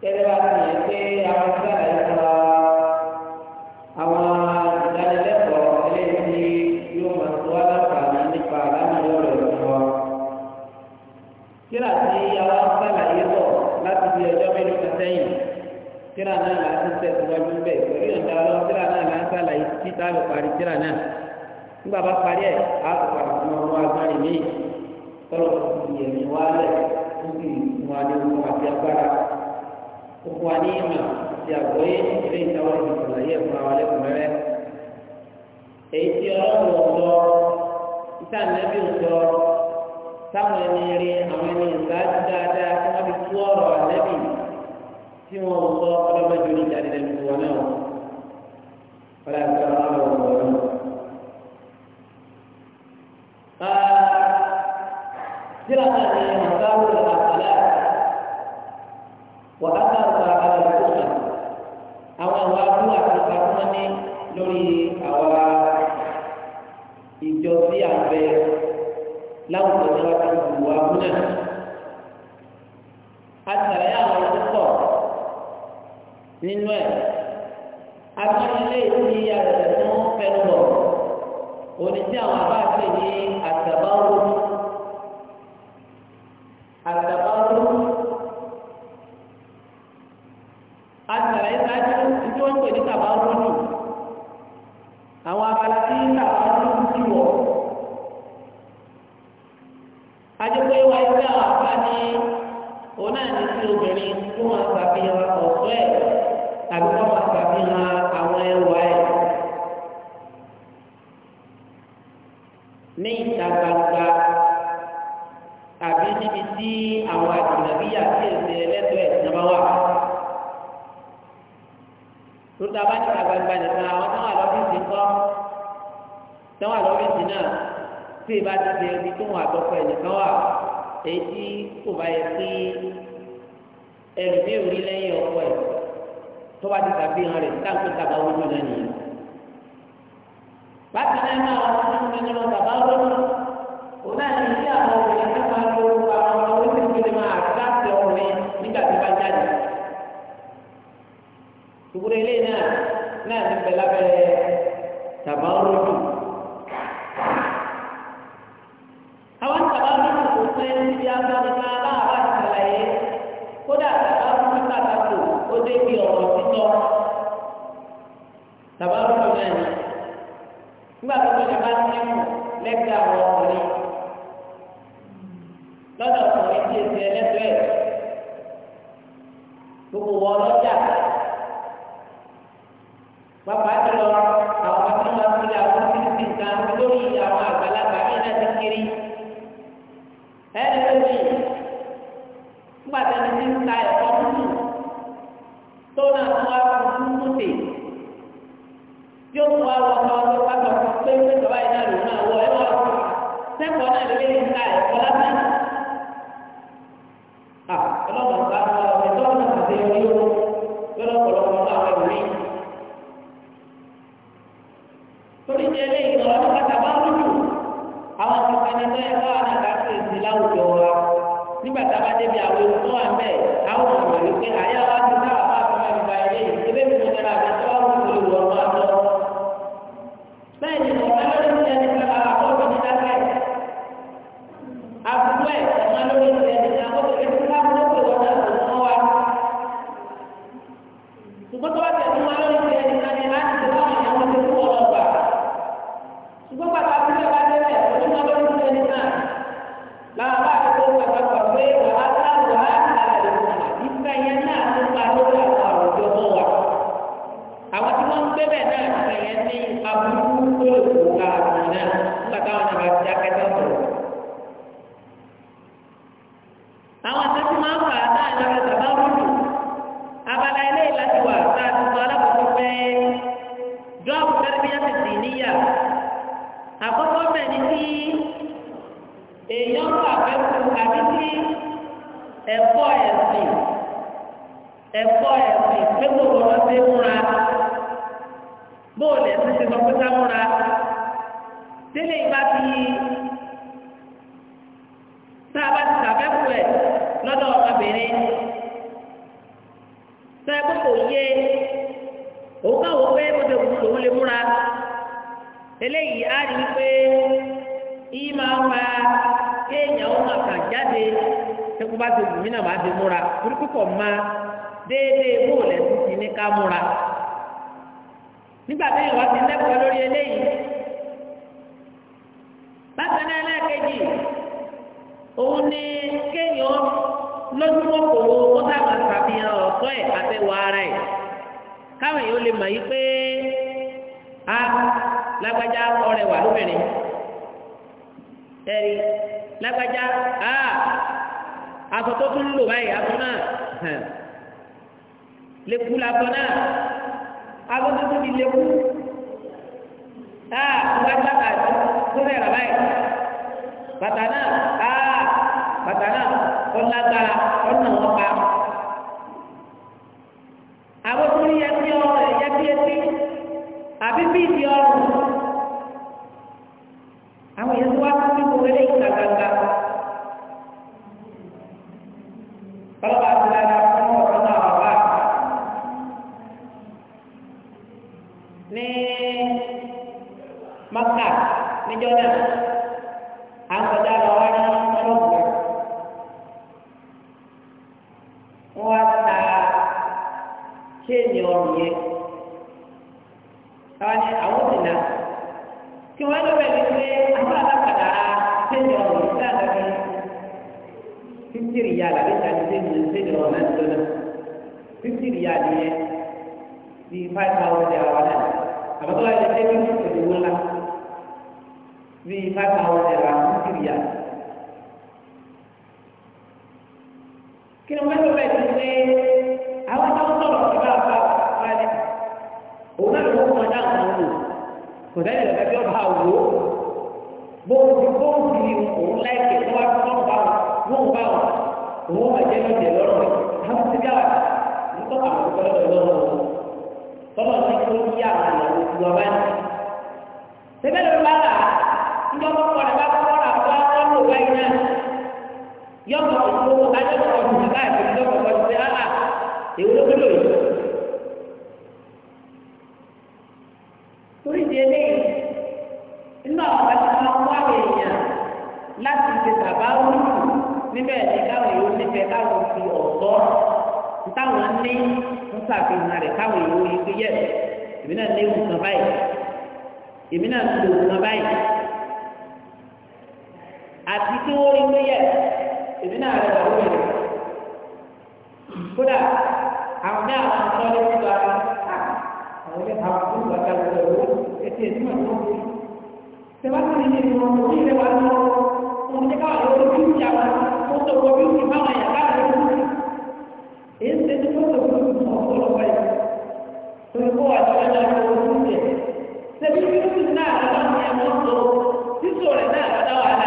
tẹ́lẹ̀ bá ti yẹn pé àwọn sáà yẹn fún wa àwọn ìdánilẹ́kọ̀ọ́ eléyìí yóò máa tó wá nípa àlámọ̀lẹ́ ọ̀rọ̀ ìlú wa. kíra tí àwọn sáà yẹn bọ̀ láti di ọjọ́ mélòó kan sẹ́yìn kíra náà là ń tẹ̀síwájú bẹ́ẹ̀ pẹ̀lú ìyọ̀ǹda ọlọ́run kíra náà là ń sàlàyé títà ló parí kíra náà nígbà bá parí ẹ̀ á tó padà fún ọmọ agbárí mi tọ́lọ́ ti yẹ̀mí wálẹ̀ ó sì mú adé fún àti agbára kókó ah, wa ní ìmọ̀ ti àgbọ́yé ilé ìtawọ́ ìdìbò yẹ fún àwọn ẹlẹ́kùn rẹ̀ èyí tí ọlọ́run ọ̀tọ̀ ìta nẹ́bí ọ̀tọ̀ táwọn ẹni rí àwọn ẹni ìsáájú dáadáa tí wọ́n fi tú ọ̀rọ̀ ànẹ́bí tí wọ́n ń sọ ọlọ́mọdé oníjàde lẹ́nu wọn náà wọ́n á gbọ́ ọlọ́run ọ̀tọ̀ náà. جرى هذه المساوئ الأخلاق وأثر aláwọ̀ àtàkà wọn ní lórí àwa ìjọ sí àbẹ láwùjọ tí wọn ti wù wá múnà. a sàlàyé àwọn púpọ̀ nínú ẹ̀ agbẹ́nilé ti àrẹ̀lẹ̀ fún fẹ́ràn bọ̀ òní tí àwọn àbá ní àtàbáwò. obìnrin tí kò bá yẹ pé ẹrù ní orí lẹ́yìn ọkọ ẹ̀ tó bá ti tàbí hàn rẹ̀ táwọn tàbá wúlò náà nìyẹn. bákan náà máa wọ́n fún mi nínú bàbá olóòtú òun náà ní ilé àwọn obìnrin tó máa lo àwọn ọmọ orí tó lè máa àtúráṣẹ ọkùnrin nígbà tó bá jáde. ìwúrẹ́ náà náà ti bẹ̀ lábẹ́ tàbá olóòtú. gbangba ni máa bá àbá ìsàlàyé kódà bàbá fún pàtàkì ó dé bí ọ̀rọ̀ títọ́ bàbá fún mi náà nígbà tó kọjá bá ti ń mú lẹ́gbẹ̀ẹ́ àwọn ọkùnrin lọ́dọ̀ ọkùnrin tí èsì ẹlẹ́gbẹ̀ẹ́ gbogbo wọn lọ́jà pàpà jùlọ àwọn akẹ́kọ̀ọ́ sílẹ̀ àwọn títí nǹkan lórí àwọn àgbàlagbà ní ìdájọ́ kiri ẹni lórí nígbà tí ẹ̀kọ́ dúdú tó náà tó wá fún un mútè tí ó wá wọ ọkọ ọdún pátọ pé pé bàbá yìí náà lòun náà wọ ẹ wọ sẹ́kọ̀ọ́ náà lè ń ta ẹ̀kọ́ lásán. ọlọ́run ọ̀gá ọ̀gá ẹ̀tọ́ ọ̀gá ti àwọn kankan ní ẹgbẹ́ káwọn náà ká sí èsì láwùjọ wa nígbà tá a bá débi àwọn ewu tó wà ń bẹ̀ àwọn ọmọ rẹ pé àyà wa ti dá àwọn àti máa gba ilé yìí ebí mi mo dára àti ẹ̀tọ́ àwọn olùwọ̀ ọ̀gbọ́n àtọ́ bẹ́ẹ̀ ni ọ̀gá àwọn ni àwọn ti nà kí wọ́n lọ bẹ̀rẹ̀ pé àwọn alápàdà sẹ́yìn ọ̀rọ̀ ìṣẹ́ àdàbí fífìrì yá làbí ìtàgé sẹ́yìn sẹ́yìn ọ̀rọ̀ náà tó náà fífìrì yá ni yẹ bí five thousand yà wà náà àbátọ́ láti ṣe fífìrì pẹ̀lú owó ńlá bí five thousand yà wà fífìrì yá. kí wọ́n lọ bẹ̀rẹ̀ pé láàrin wò kò sẹ́ni lọ́ka tí ọba wò bóńdì bóńdì òun láìpẹ́ tó wá tó ń bá wọn bá wọn òun bá jẹ́ ní ìjẹ́ lọ́rùn rẹ̀ àwọn ti dá ní tó àwọn tó kọ́ lọ́rùn rẹ̀ tọ́lọ́ ní kó yí àwọn ìyàwó ti wọ́n bá ní. Bébè ló bá là ńjọ́ bá kọ́ bá kọ́ là bá wọ́n lò báyìí náà yọ̀ọ̀ kọ́ ìfowó adé kọ́ ọ̀sùn káàkiri lọ́kọ̀ọ́ ti dá èwo ló gbé lò yìí. ní ń ṣàfihàn káwọn èèyàn yìí pé yẹ èmi náà ní ìwòsàn báyìí èmi náà ń lo ìwòsàn báyìí àti kí wọ́n rí pé yẹ èmi náà rẹ̀ wà lóye rẹ̀ kódà àwọn ní àwọn ọ̀sán ló ń gba àwọn ilé àwọn tó ń gba ká lọ́wọ́ ètò ìdúmọ̀ tó ń bọ̀ tẹ̀wá tó ní ní ìwọ̀n tó ń yẹ wà lọ́wọ́ òun ní káwọn lọ́wọ́ bí ó ti àwọn tó ń tọ̀wọ́ bí ó ti bá wọn yà káwọn lọ́wọ́ Sẹ́bí ní kí náà lọ́wọ́ ẹ̀mọ́ tó títò rẹ̀ náà lọ́wọ́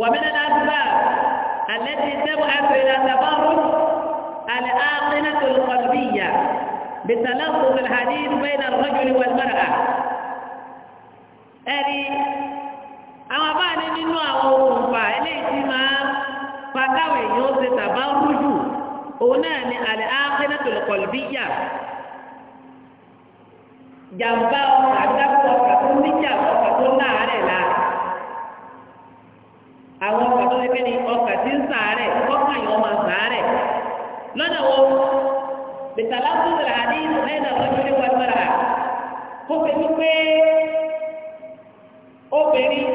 ومن الأسباب التي تبعث إلى تبرج الآقنة القلبية بتلفظ الحديث بين الرجل والمرأة أري àwọn bá ní nínú àwọn òkùnfà eléyìí tí máa fagáwé yóò ṣe tàbá rújù òun náà ni àlẹ́ ápẹ́nẹ́tò kọ̀lùbíyà jàǹbá ọkà dákú ọkà tó níjà ọkà tó láàárẹ̀ láàárẹ̀ àwọn ọkọ̀ tó lépé ni ọkà tí ń sàárẹ̀ kọ́kàn yìí ọmọ sàárẹ̀ lọ́nà wo bìtàlá tó lè àdé lẹ́yìn àwọn ìṣẹ̀lẹ̀ wọn mọ́ra kó fi wípé obìnrin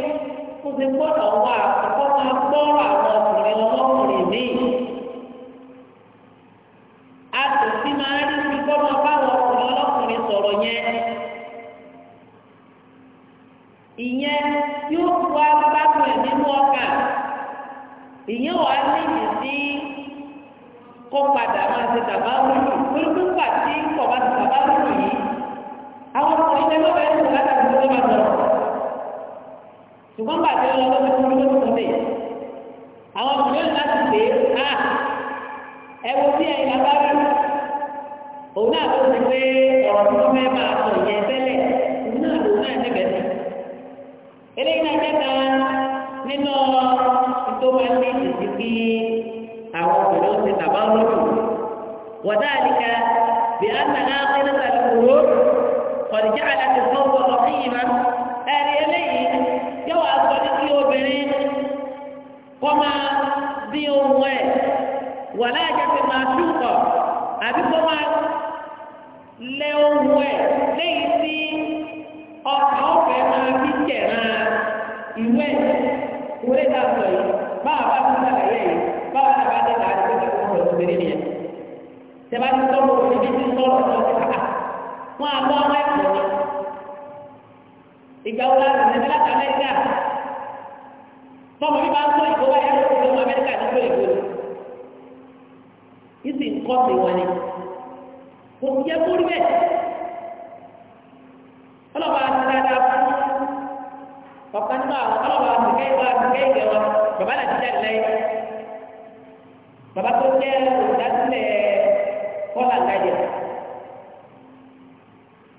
kó fi gbọ́dọ̀ wà kó máa gbọ́rọ̀ àwọn ọkùnrin ọlọ́kùnrin míì a sì ti máa rí fi kọ́ máa bá àwọn ọkùnrin ọlọ́kùnrin sọ̀rọ̀ yẹn ìyẹn yóò wá gbádùn ẹ̀ nínú ọkàn ìyẹn wà níbi sí kó padà máa ṣe tàbá wúlò wíwú pàtí kò bá ti tàbá wúlò yìí àwọn ọmọ ilé ló bẹ̀rẹ̀ sọ̀rọ̀ láti fi lọ́ba sọ̀rọ̀ ṣùgbọ́n pàtí lọ́wọ́ ló fi lọ́wọ́ tó lè àwọn ọmọ yóò láti pè é á ah, ẹ wo bí ẹ̀yin bá bá òun náà ló ti pé ọ̀rọ̀ tó fẹ́ máa sọ ìyẹn tẹ́lẹ̀ òun náà lòun náà níbẹ̀ sí eléyìí náà jẹ́ta nínú tó máa ń ní ìsìn bí àwọn obìnrin ó ti tàbá lóru wọ́dà àdìgá bí a nà á pé nípa ìkòrò ọ̀dìjà àdàtì fún ọgbọ̀n ọ̀hìn ma ẹ̀rí eléyìí yóò wá sọ ní kí obìnrin kọ́ máa bí ohun ẹ̀ wọ́dà àjẹsí máa ṣùkọ̀ àbí kọ́ máa lẹ ohun ẹ̀ léyìí sí ọkàn ọ̀fẹ́ máa fi tẹ̀ máa ìwé ìwé ìdásọ̀ yìí báwa bá tún sàlàyé yìí báwa náà bá tẹ̀lé àti pé kàkọ́ ọ̀rọ̀ ìgbèrè nìyẹn. tẹ̀bá ti tọ́ lóko níbi tí sọ̀rọ̀ tó ti kàkà wọn á bọ́ ọmọ ẹ̀kọ́ ni. ìgbà wo láti ní ẹ̀dá amẹ́ríkà tọ́mọ mi bá ń sọ ìkówá ẹ̀rọ ìgbà amẹ́ríkà nígbà èkó ìsìn ọlọ́ba ti dáadáa fún ọ̀kan nínú àwọn ọlọ́ba ti kẹ́ ìwà ti kẹ́ ìgbẹ́ wọn bàbá náà ti jáde láyé bàbá tó jẹ́ olùdásílẹ̀ kọ́là láyé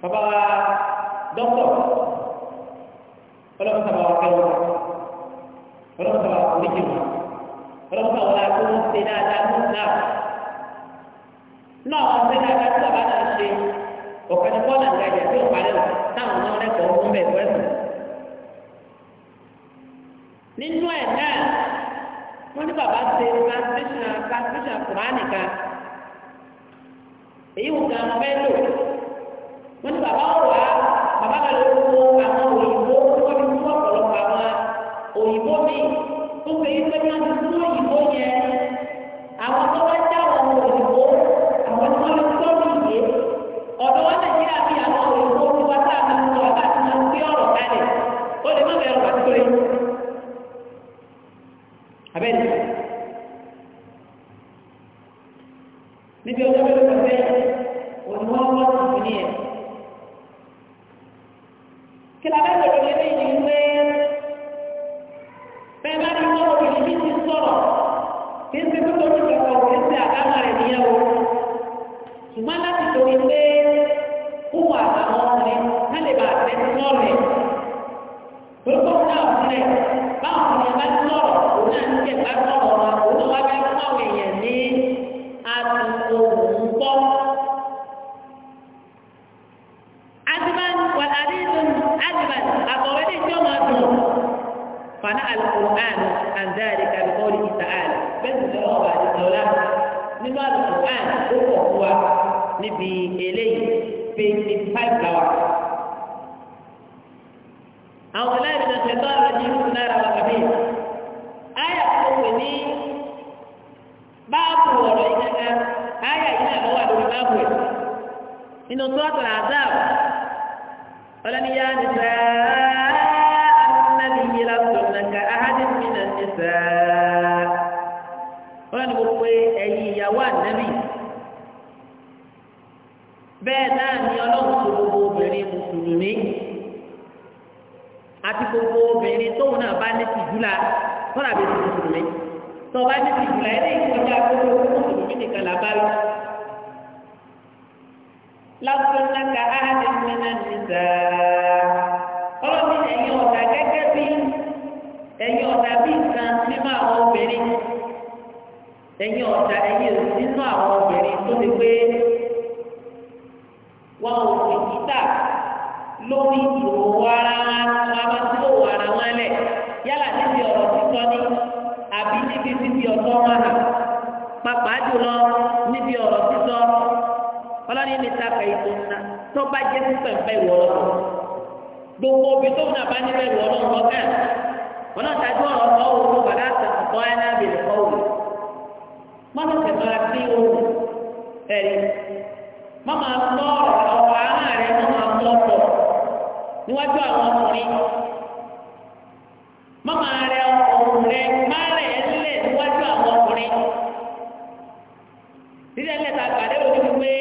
bàbá wa dọ́kọ̀ ọlọ́ba sábà wà kẹ́wọ́ ọlọ́ba sábà wà oríjì wọn ọlọ́ba sábà wà kó ń ṣe dáadáa fún náà náà ọ̀sẹ̀ dáadáa tí bàbá náà ṣe ọ̀pẹ ní bọ́ọ̀lù àgbàjà tí ó parẹ́ wọn táwọn náà lẹ́kọ̀ọ́ fún bẹ́ẹ̀ fún ẹ̀sìn. nínú ẹ̀ náà wọ́n ní bàbá ṣe translation translation kùránì kan èyí wù gan fẹ́ lò wọ́n ní bàbá ọ̀wá bàbá kan ló àwọn. níbi eléyìí twenty five hours. àwọn ẹlẹ́rìí náà ṣẹ̀tọ́ àwọn ẹni ìlú náírà wà kàbí. àyà tó wà tọ̀rọ̀ àdá ọ̀ ọ̀rẹ́ ní báàbù ọ̀rọ̀ yii keke àyà yìí náà lọ́wọ́ àdúgbò báàbù ẹ̀. inú tó wa àzáàbù ọlọ́ni yá nípa ànábì yìí lásán nàkà àhádìmí náà nípa gbogbo ẹ̀yìn ìyàwó ànábì. bẹ́ẹ̀ náà ni ọlọ́run tó gbogbo obìnrin mùsùlùmí àti gbogbo obìnrin tóun náà bá ní tọ́lá bí ti mùsùlùmí tó bá ní ìkọjá gbogbo mùsùlùmí nìkan lásán náà náà ọlọ́run gẹ́gẹ́ bí bí nǹkan nínú àwọn obìnrin nínú àwọn obìnrin wọn ò fi títà lórí ìwòwò ara wọn wọn bá ti wòwò ara wọn lẹ yálà níbi ọ̀rọ̀ sísọ ni àbí níbi fífi ọ̀tọ̀ wọn hàn pàpà jùlọ níbi ọ̀rọ̀ sísọ ọlọ́ni ní sáfà ètò ńlá tó bá jẹ́ sípẹ̀ǹpẹ̀ ìwọ̀ ọ̀rọ̀ gbogbo obì tó nà bá níbẹ̀ ìwọ̀ ọ̀rọ̀ ńlọ kẹ́ ọlọ́tajú ọ̀rọ̀ kọ́ wò ó wàlá àtàkùnkọ́ ẹ̀ náà bèrè kọ́ wò mọ́tò má máa tọ́ ọ̀rọ̀ ara rẹ má máa tọ́ ọ̀pọ̀ níwájú àwọn ọkùnrin má máa rẹ ọkùnrin rẹ má rẹ̀ ẹ́ lẹ̀ níwájú àwọn ọkùnrin dídẹ́ lẹ́ta pàdé òní wípé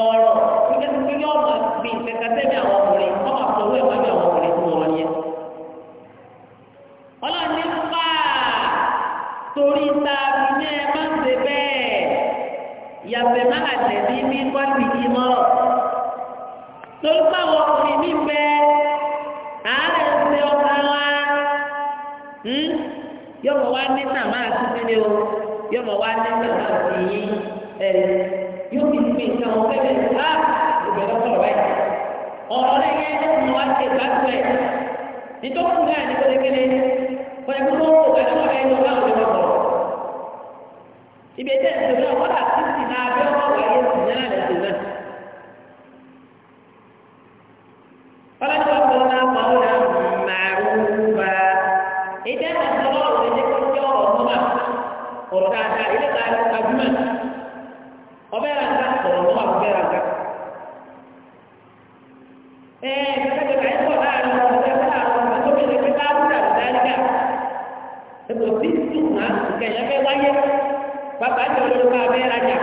ọ̀rọ̀ wípé tuntun yóò máa fi ìfẹ́ka sẹ́mi àwọn ọkùnrin wọ́n máa fọwọ́ ìwájú àwọn ọkùnrin fún wọn yẹn. ọlọ́run ní pa torí ta ní ẹ má ṣe bẹ́ẹ̀ yàtọ̀ má là tẹ̀lé ní kọ́ọ̀tì yìí mọ́rọ̀ torí báwo ọkùnrin mi bẹ àárẹ̀ ṣe ọba wa hmm? yọ̀bọ̀ wá ní tàmá àti sílé o yọ̀bọ̀ wá ní tàmá àti yìí ẹ̀ yóò fi fi nǹkan wọn fẹ́ bẹ́ẹ̀ bá ìbẹ̀rẹ̀ sọ̀rọ̀ ẹ̀ ọ̀rọ̀ rẹ̀ yẹn ló mú wa ṣe gbàgbọ́ ẹ̀ nítorí fún mi àti kọ́lẹ́kẹ́lẹ́ kọ́lẹ́kẹ́lẹ́ wọn kò gbàgbọ́ ẹ̀ lọ́wọ́ àwọn ọ̀rọ̀ ibi ẹjẹ ìṣòro náà wọ́n dà títì náà abẹ́ ọmọ wáyé sí náà lẹ́sìn náà. ọlọ́dún ọ̀sán náà kọ́ ọ́nà màrúwà ìdá ìṣòro ọ̀rọ̀ ẹ̀jẹ̀ kó jẹ́ ọ̀rọ̀ ọ̀nà ọ̀rọ̀ dáadáa ilé ta ló ka jùmọ̀ ọbẹ̀ rà ká ọ̀rọ̀ ọ̀nà ọ̀bẹ̀ rà ká. ẹ̀ẹ́ kẹ́kẹ́ kẹ́kẹ́ ẹ̀kọ́ láàrin ọ̀rọ̀ ẹ̀kọ́ láàrin ọ̀rọ̀ bàbá jọ ló ká rajà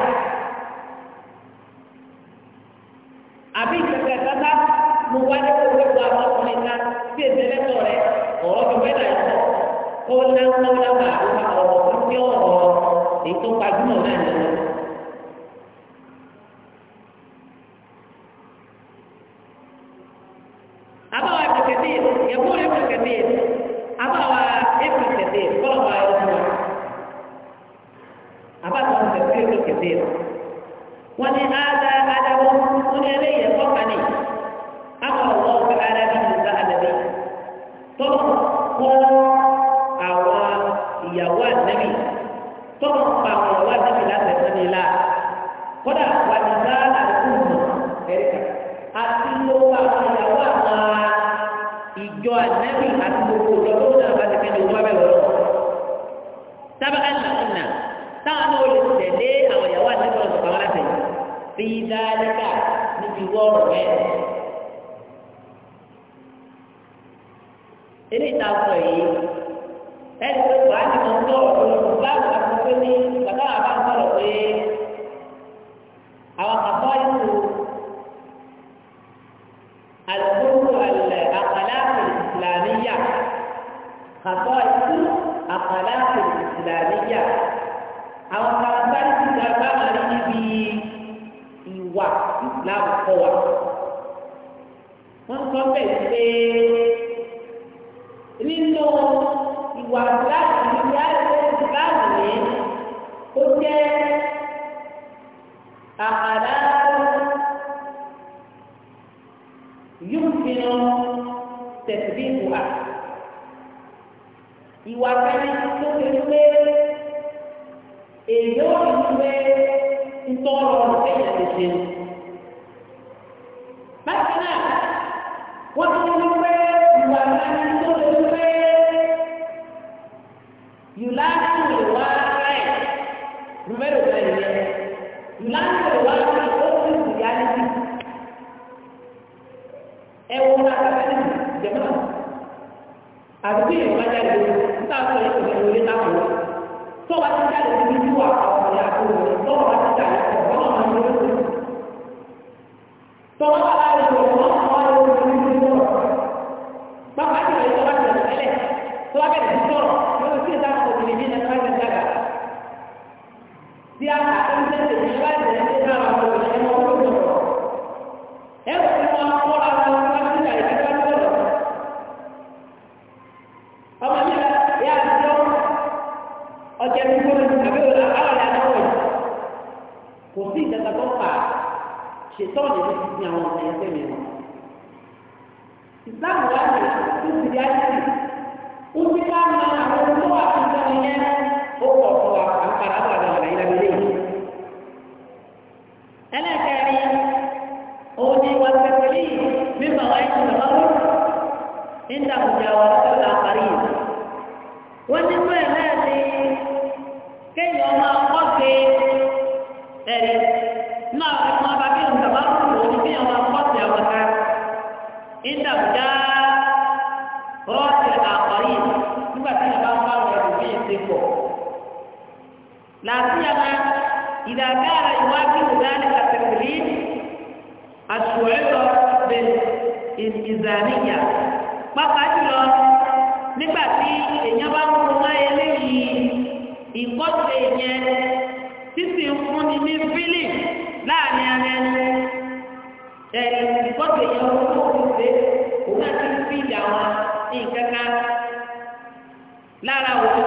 خصائص أخلاق الإسلامية أو خصائص الإسلام في ìwà Islam kọ́ wa wọ́n sọ bẹ́ẹ̀ pé nínú ìwà Islam ìyá Islam ní ó jẹ́ àkàdá yóò fi hàn tẹ̀síbí ìwà ìwà kan tó fi pé èyí ò ní pé ntọ́rọ̀ ẹ̀yà lè ṣe. bákan náà wọ́n ti ní pé ìwà kan tó fi ìdàgbà rọ́ọ̀tì àkọ́rí nígbà tí yàrá bá wà lórí ìṣe pọ̀. làásìyà máa ìdàgbà ara ìwádìí ìdáni kàtẹ́kìlì àṣùwẹ̀lọ bẹ ìzàníyà pápá jùlọ nígbà tí èèyàn bá ń kó máa eléyìí ìkọ́sẹ̀ yẹn títí fúnni ní fílì láàrin ara ẹni ẹ̀rì ìfọ́tò yẹn wọ́n tó ti ṣe òun àti fíìlì àwọn nǹkan kan lára wọn.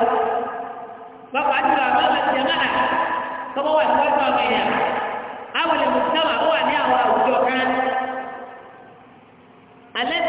Bàbá àti bàbá wà sí ẹ̀mọ́ àná tọ́wọ́ wà sí ọjọ́ ọmọ ẹ̀yà. Àwọn ènìyàn sábà wà ní àwọn àwùjọ kan. Alẹ́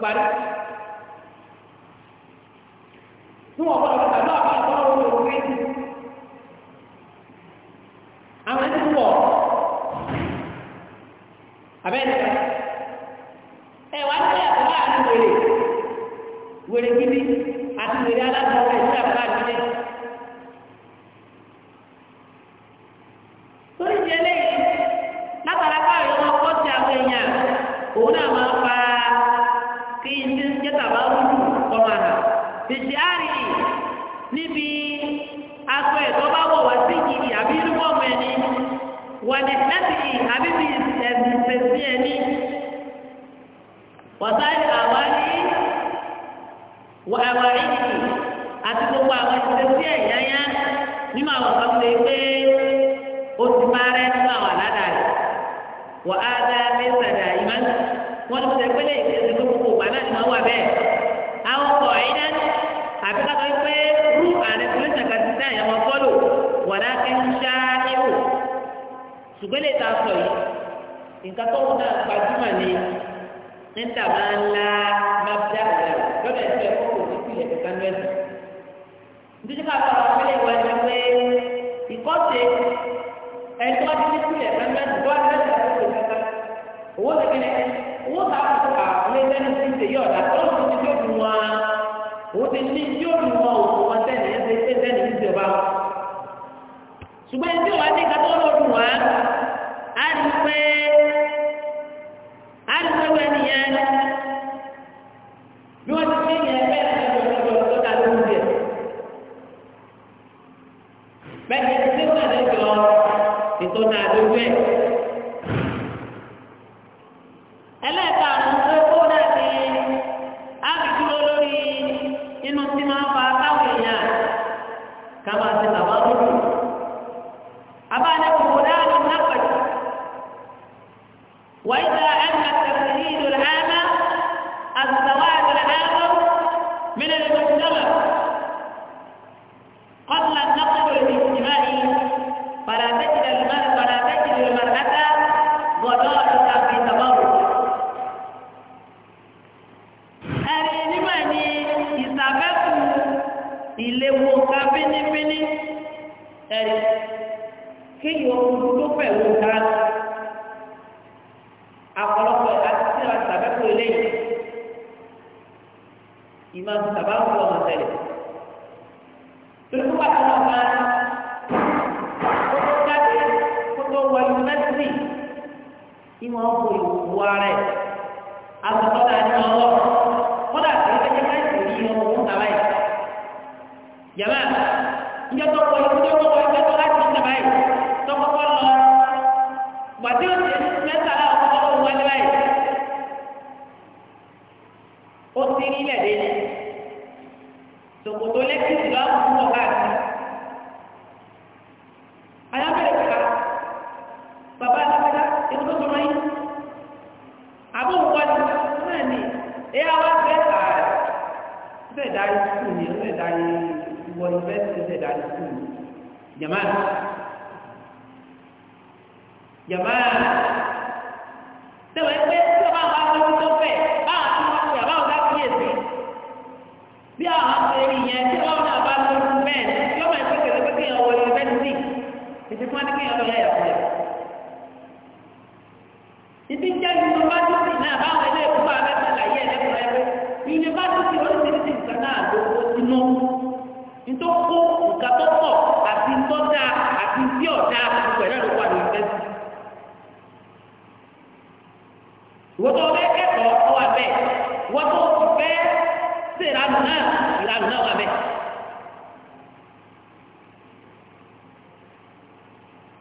parí.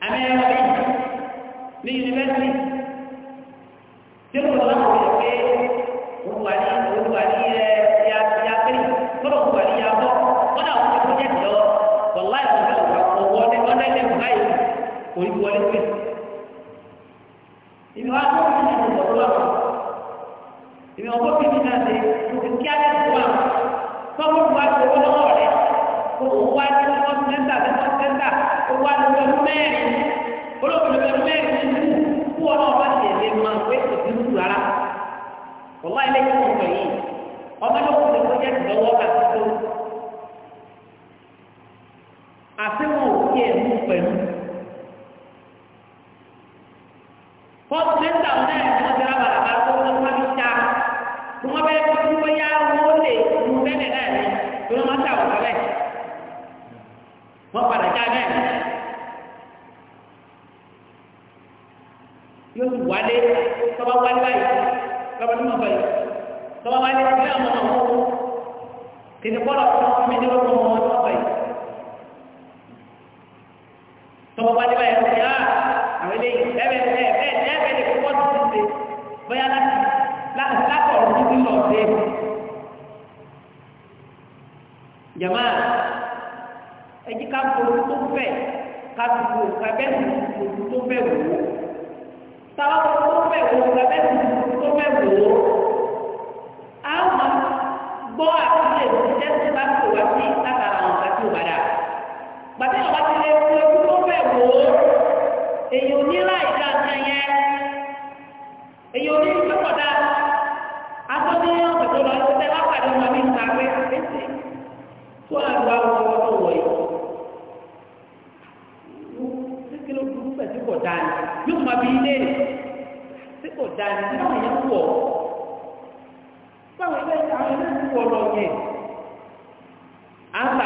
àmì ẹ̀rọ mi ní yunifásitì tí ó lọ láwọn ọ̀rọ̀ pé olùwà ní olùwà ní ẹ ya ya péré kọ́nà olùwà ní ya bọ́ kọ́nà àwọn ọmọ pọ́jẹ́tì lọ wọ̀lá ìwọ̀n náà wà ọwọ́ ní ọ̀nẹ́lẹ̀ báyìí kò ní wọlé pé. ìmọ̀ wá tó ń bí ìdìbò tó wà wọ̀ ìmọ̀ ọ̀pọ̀ bí mi náà ṣe kò sí kí á tó wà kọ́kọ́ wá tó wọ́n lọ́wọ́ rẹ̀ kó wá ní wọ́n sẹ́ńtà wọ́n wá ilé yìí wọ́n yìí ọmọ náà kò lè kó jẹ́ ìdánwò àti tó.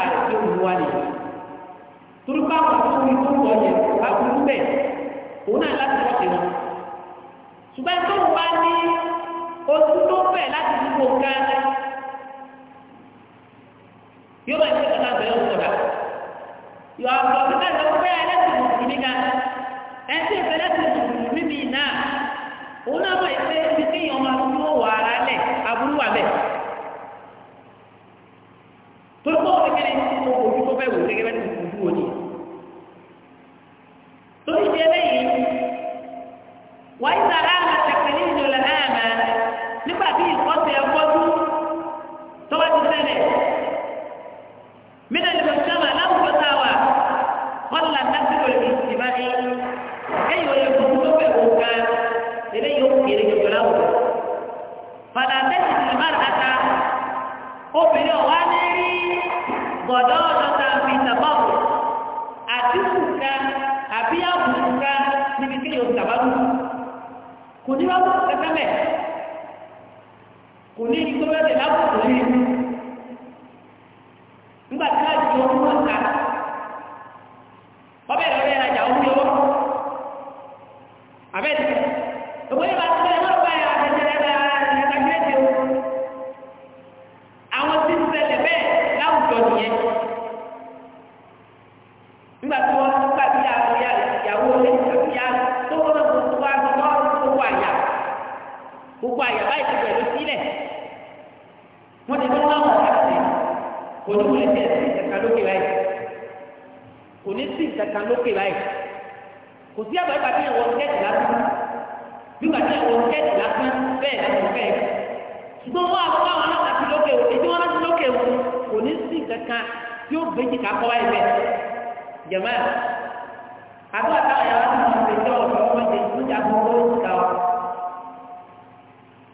tíra rẹ̀ tí òun wá nìyí turuba wà tó wí tó wọ yẹ wà burú bẹ́ẹ̀ òun náà láti wọ́n ti wọn ṣùgbọ́n tó ń wá ní oṣù tó fẹ̀ láti dúró gánà yóò máa ṣe kọ́ta bẹ̀rẹ̀ òkúta yóò àpò ọ̀gá lọ pé ẹlẹ́sìn mùsùlùmí ga ẹsẹ̀ ìfẹ́lẹ́sìn mùsùlùmí mi náà òun náà mọ̀ ẹ́ pé ibi tí ìyọ̀n máa dúró wà á rálẹ̀ aburú wà bẹ́ẹ̀ tó lọ́wọ́ wọn kékeré tó ojú tó bẹ́ẹ̀ wò gẹ́gẹ́ bẹ́ẹ̀ tó ojú wò ni tó ti di eléyìí wàá yíta àmà tẹ̀kẹ́lì ìjọba àmà nígbà tí ìkọ́sẹ̀ ẹ̀kọ́jú tó bá ti ṣẹlẹ̀ mílíọ̀nù ìjọba sábà láwùjọ sáwà wọn là lásìkò ìjìbá ní ẹ̀yìn òye kùtù tó bẹ̀ wò ga eléyìí ó kéré jọjọ láwùjọ fàdà tẹ́sí ìmọ̀ àtà obìnrin ọ̀wá ní rí gbọ̀dọ̀ ọ̀dọ́ta fi tàbáwò àdínkù ká àbí àbùkù ká níbi tí yóò tàbáwò kò ní wá bọ́ kẹsẹ́mẹ̀ kò ní ìgbọ́mẹ́tẹ̀ lábùkù yìí jẹ̀mọ́ àbúrò àtàwọn yàrá tó máa ṣe jọ ọ̀sán wọn ṣe fún ìjàmbá owó ìta ọ.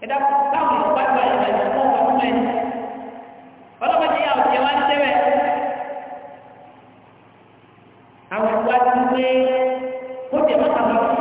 ẹ̀dá táwọn èèyàn bá gba ìgbà ìgbà fún ọkọ̀ fún ẹni. ọlọ́pàá ti yà ọ̀ jẹ́ wá ní sẹ́wẹ̀. àwọn ìwádìí pé ó jẹ́ mọ́tàlá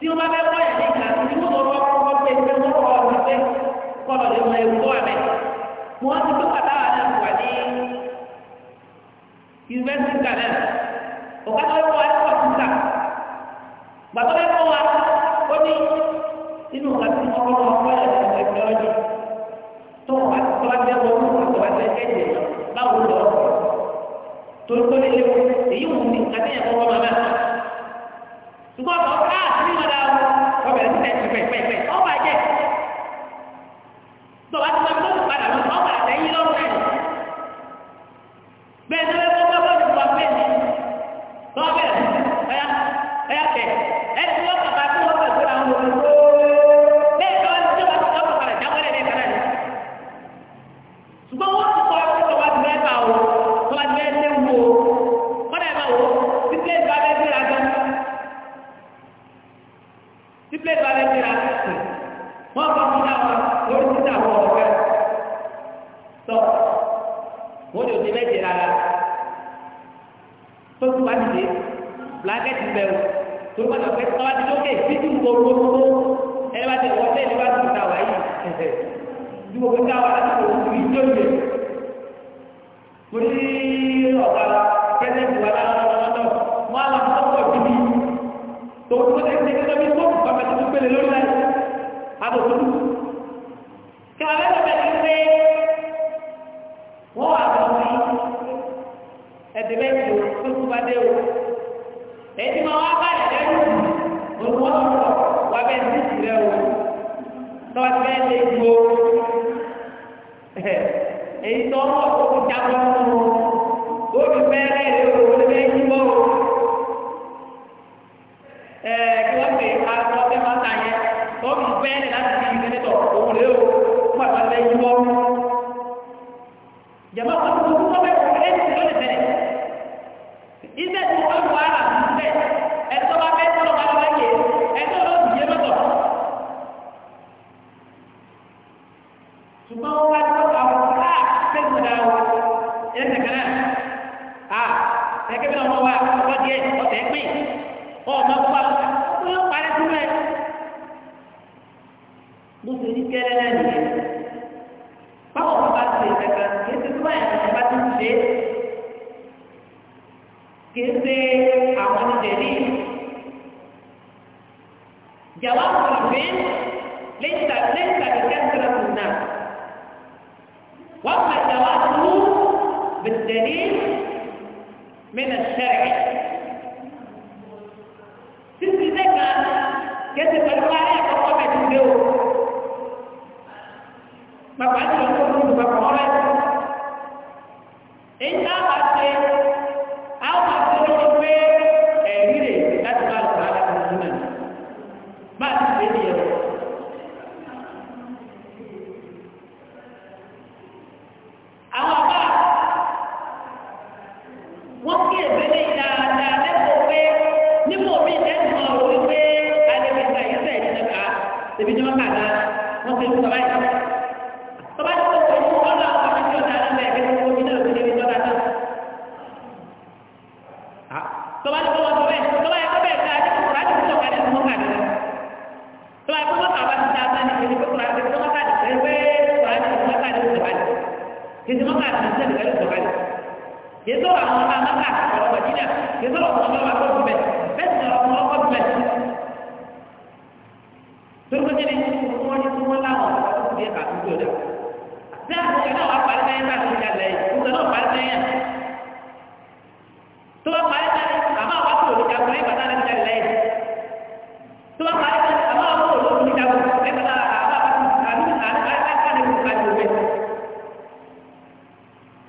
tí wọ́n bá fẹ́ kọ́ ẹ̀ nígbà tí wọ́n lọ wọ́n kọ́ pé pé wọ́n kọ́ ọ̀rọ̀ pé kọ́ lọ lè mọ ewu tó àmẹ́. wọ́n ti tó kàtà wà ní yunifásitì kan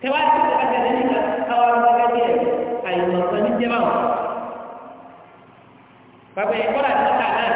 tẹwàá ti ṣe kájà lẹ́yìn ìgbà táwa lọ́wọ́ gẹ́gẹ́ bí àyùmọ̀ kan bàbá ẹ̀kọ́ làtí ọ̀tà náà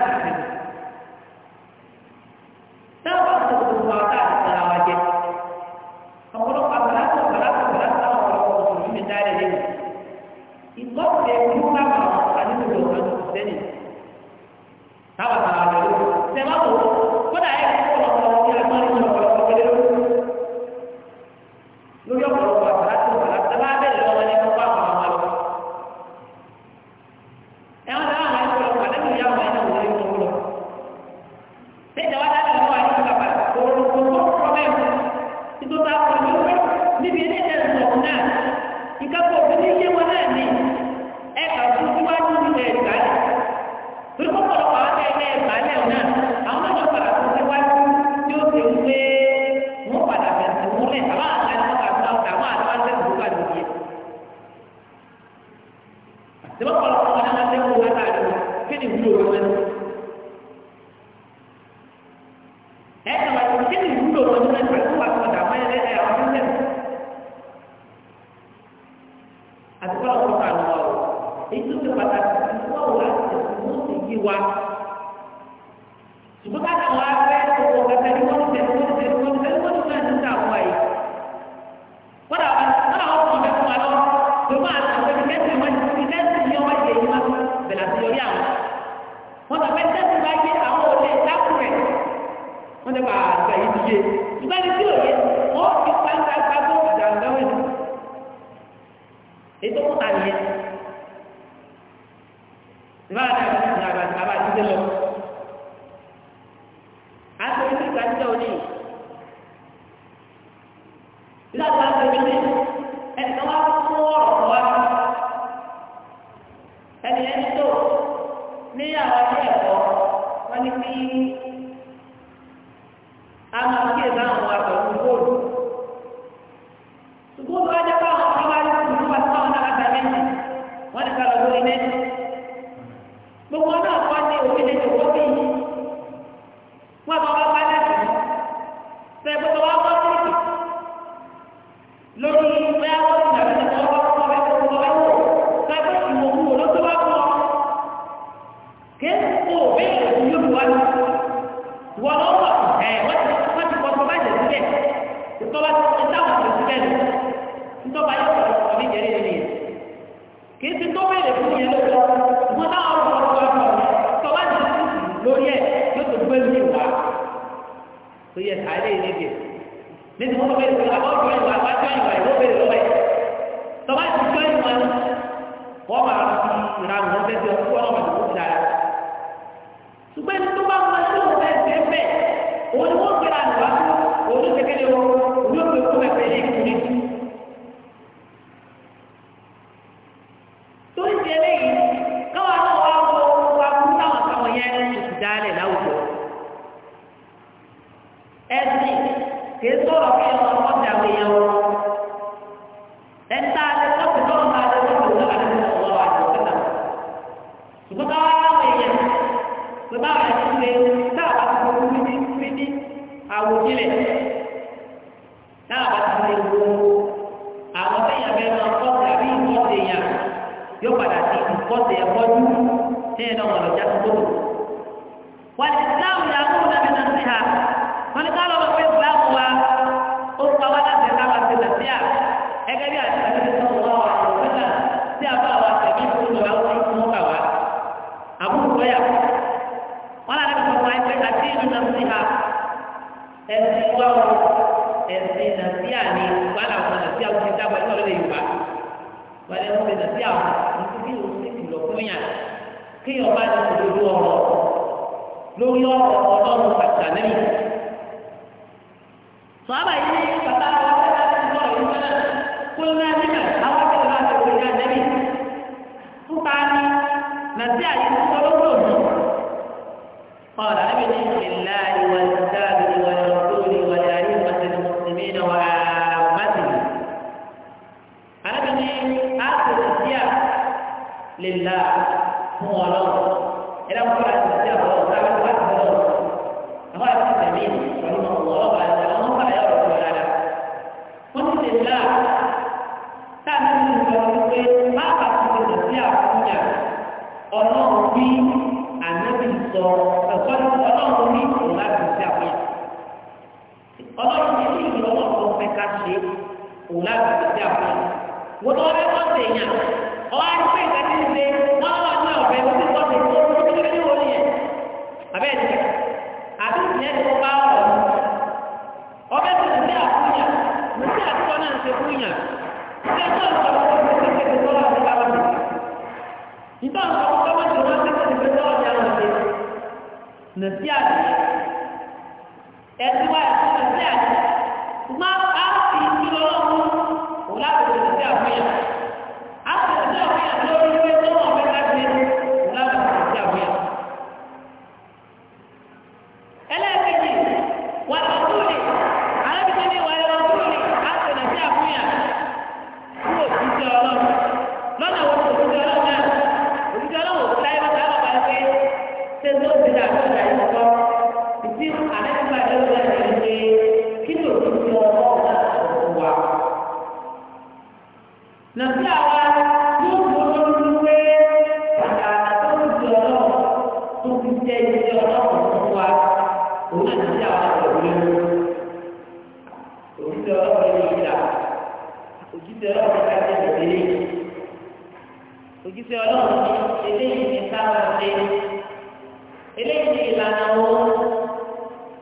láti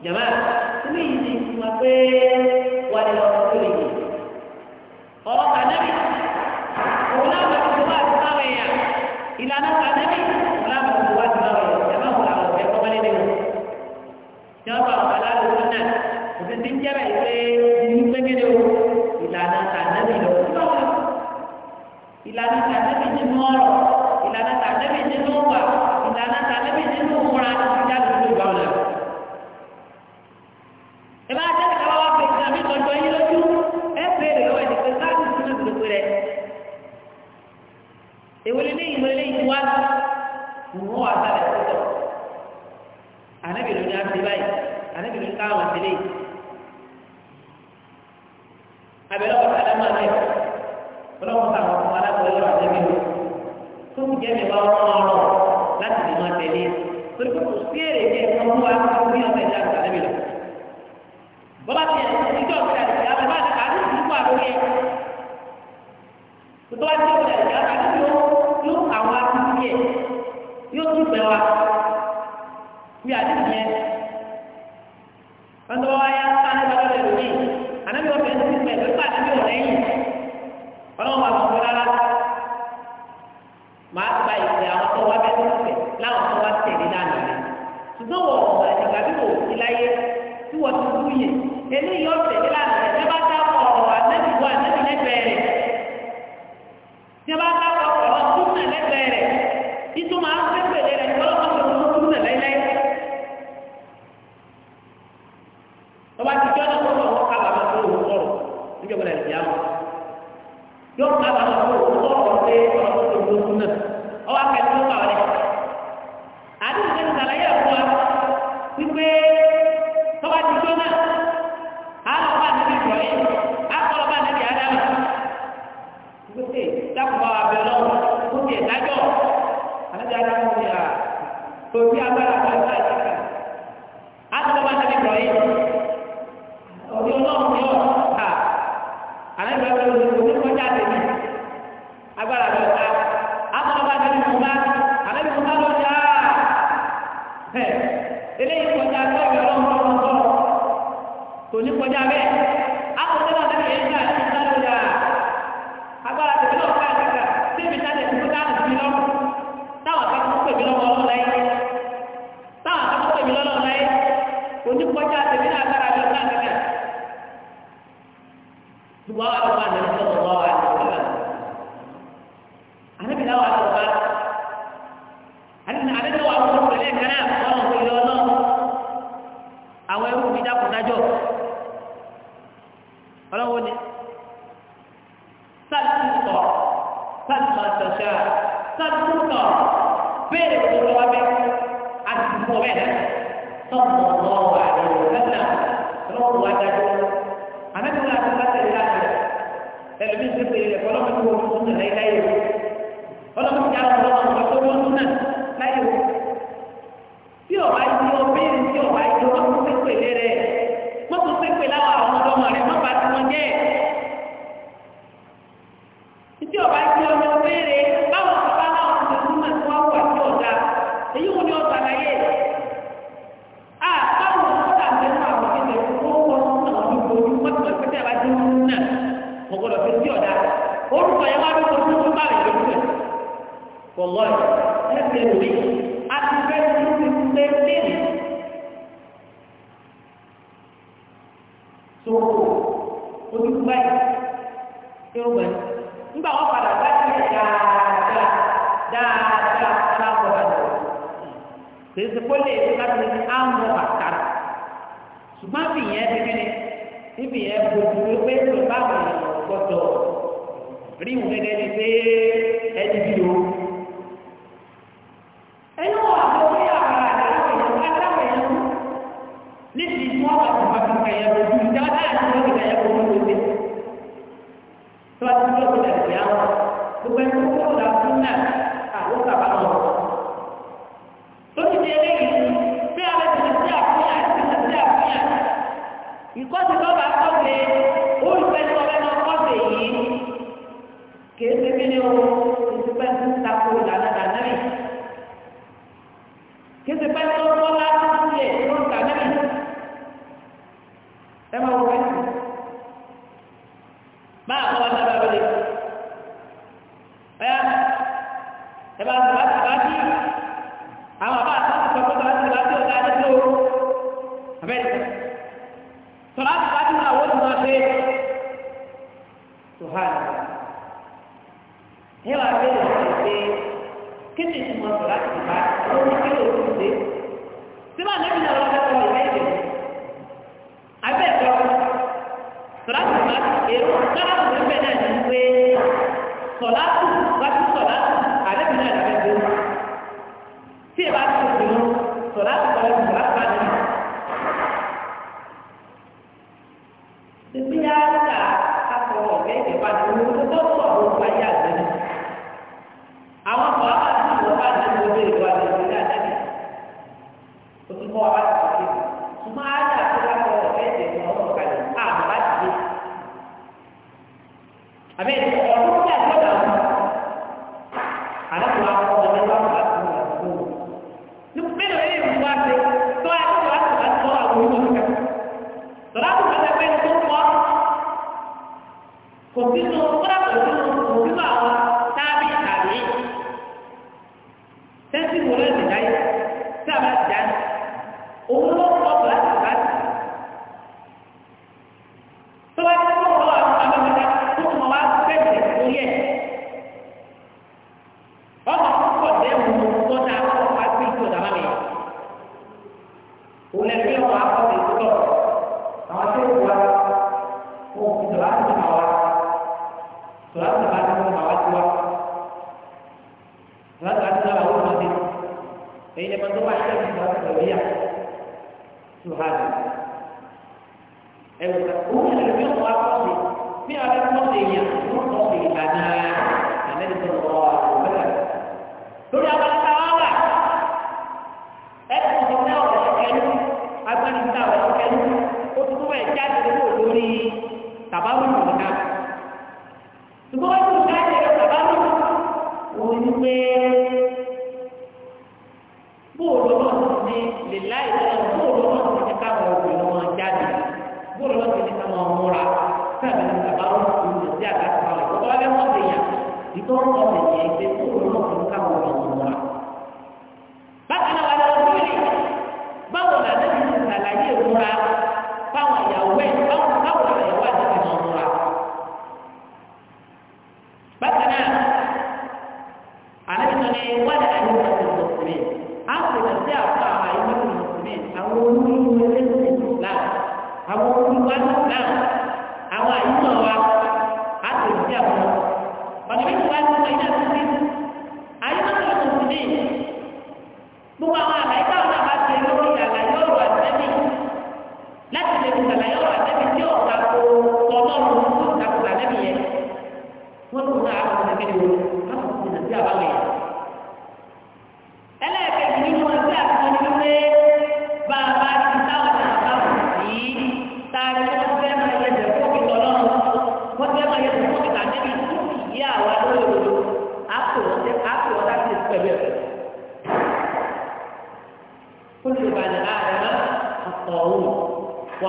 jama ilé ini ti fi wọn pé wà ní ọ̀rọ̀ tó lè yìí ọ̀rọ̀ kànáàbì òun náà bá tuntun wá sí báwọn èèyàn ìlànà kànáàbì òun náà bá tuntun wá sí báwọn èèyàn jama wò làwọn ọ̀rẹ́ Ilana mọ́lẹ́ lẹ́nu jama bá wọn kàlá lóko náà òfin ti tó bí agbára àgbà àti àgbà àti bàbá àti ìbọ̀lẹ́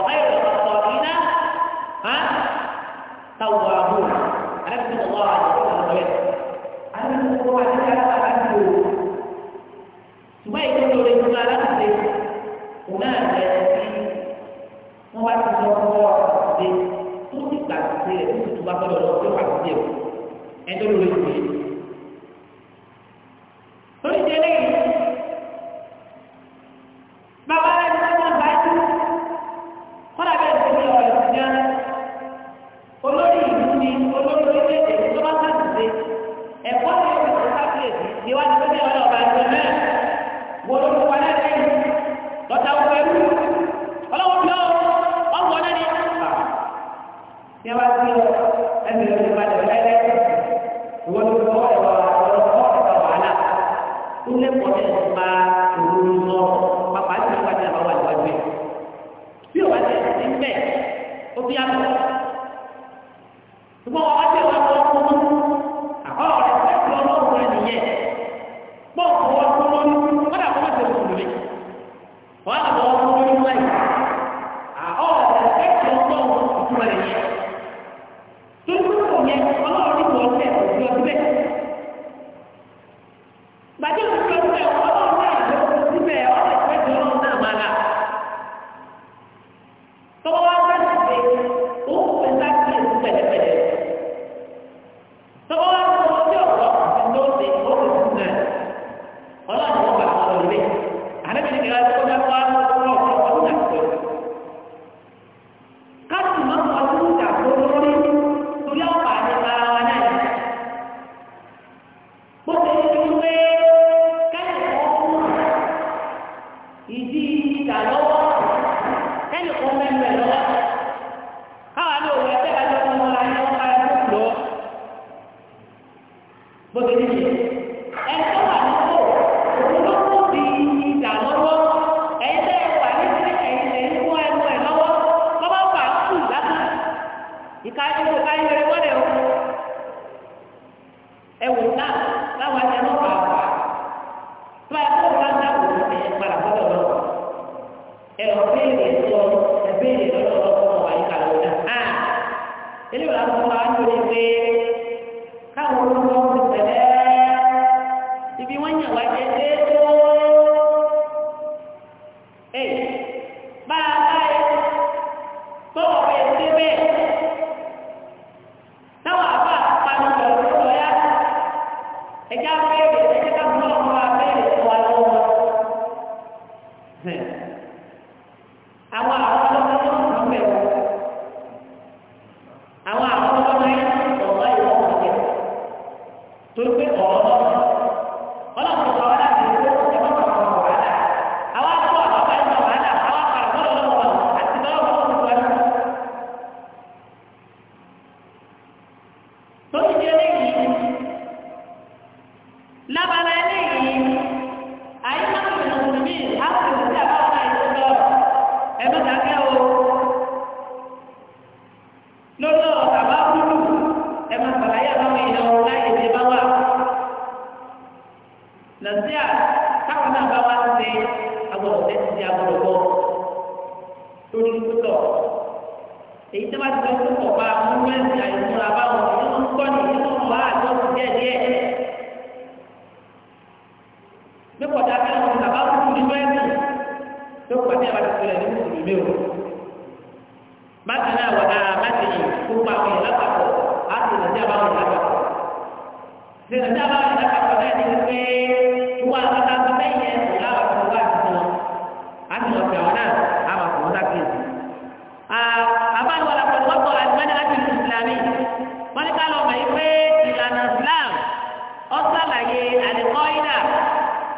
غير الخطائين ها توابون أنا بسم الله عليه وسلم أنا بسم الله عليه وسلم ṣùgbọ́n èyí tó lórí ìtura láti ṣe òun náà lẹ sí wọ́n bá ti sọ fún ọ ṣe tó ti gbà ṣe ẹ̀ tó ti tuba fọlọ́ lọ sí wàá ṣe ẹ̀ ẹ̀ tó lórí ìtura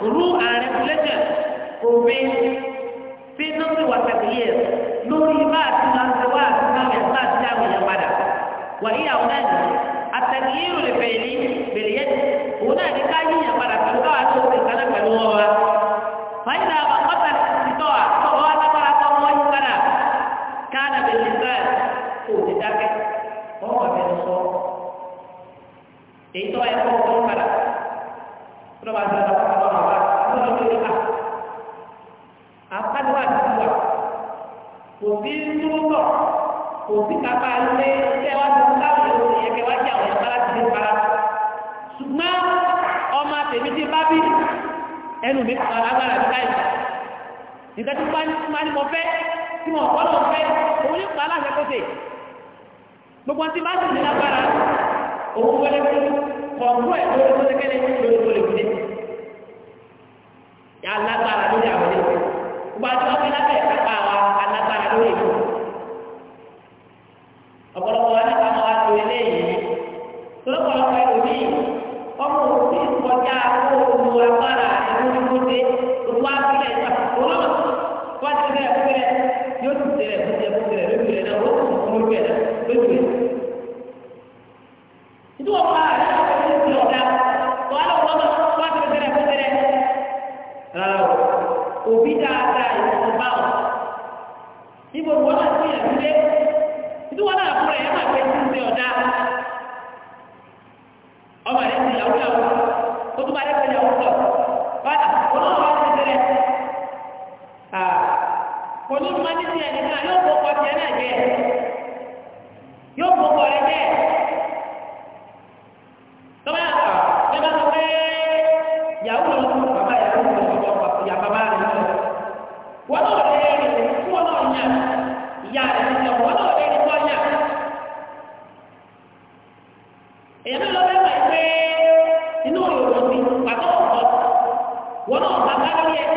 rule and regulation obey freedom to water clear lórí bá a ti máa ń ṣe wá àti máa yẹ máa ṣe àwọn èèyàn padà wàyí àwọn náà ní àtẹnìyé ìròlè fèlè fèlè yẹn òun náà ní ká yí èèyàn padà pẹ̀lú káwá tó ṣe ìkànnà pẹ̀lú wọn wa. fàyínà àwọn ọ̀tà ti tọ́ à tọ́wọ́ alágbára tó wọ́n yí padà káàdà bẹ̀lẹ̀ sáà kò ti dákẹ́ wọ́n kọ́ lórí a àkàdúrà ti wà kò sí túbọ̀ kò sí kápá lé iṣẹ́ wa tó káwọn èrò yẹn kẹwàá jẹ àwọn ìpara ti di para ṣùgbọ́n ọmọ tèmi ti bá bí ẹnu mi kọ́ agbára mi láyé nǹkan tí wọ́n máa ní mo fẹ́ tí mo kọ́ lọ́wọ́ fẹ́ òun ní pa aláṣẹ kó tè gbogbo ti bá sì ní lágbára òun wọlé fún kọ̀ọ̀kú ẹ̀ lórí tó tẹ́kẹ́lẹ́ lórí tó lè yà alágbára lórí àwọn ilé ìwé gbogbo àti wọn fi lábẹ́ ìkápá wa alágbára lórí ìlú ọ̀pọ̀lọpọ̀ wa nípa wọn wá tó eléyìí lọ́pọ̀lọpọ̀ ẹlòmí ọmọ òfin kọjá owó agbára ìmúdúgbòde gbogbo àgbélẹ̀ ìtàkùn lọ́wọ́ wọ́n ti rẹ̀ fún rẹ̀ yóò ti rẹ̀ fún rẹ̀ fún rẹ̀ lójú náà wọ́n kò fún lójú rẹ̀ lójú rẹ̀. èyàn ló bẹ́ẹ̀ bá pé inú òyòwò mi pàtó ọ̀pọ̀ wọn náà bá bá lórí ẹ̀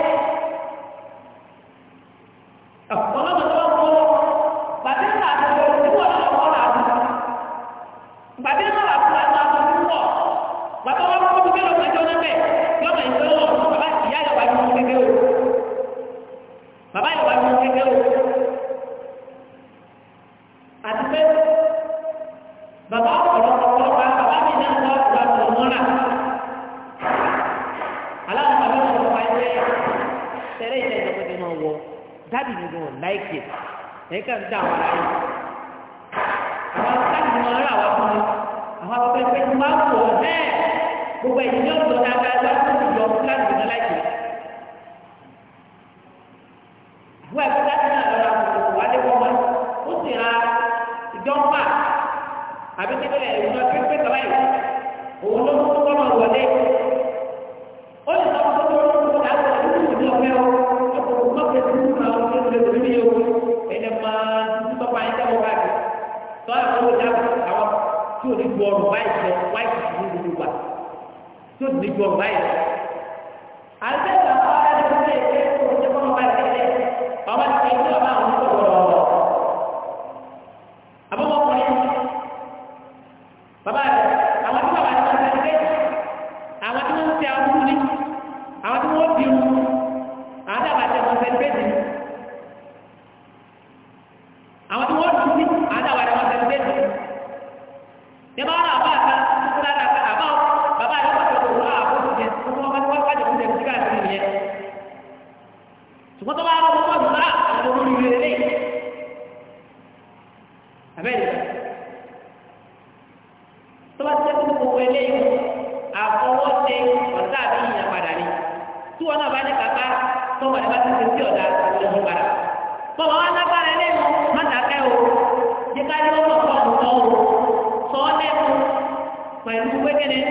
kíni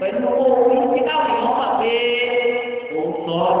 pẹ̀lú owó tí káwọn èèyàn wà pé òun sọ ọ́.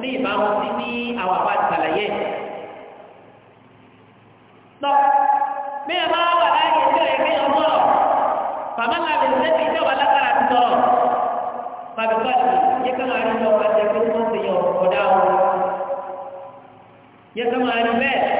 ní ìbámu sí ní àwọn àbá àtàlàyé lọ bí ẹ bá wà láàyè tí ó yẹ kí ọmọ rọ bàbá náà lè lẹ́bi tí wà lágbára ti sọ̀rọ̀ bàbá bàbá yẹ ká máa rí lọ àti ẹgbẹ́ tí wọ́n ti yọ ọ̀dà wọn yẹ ká máa rí bẹ́ẹ̀.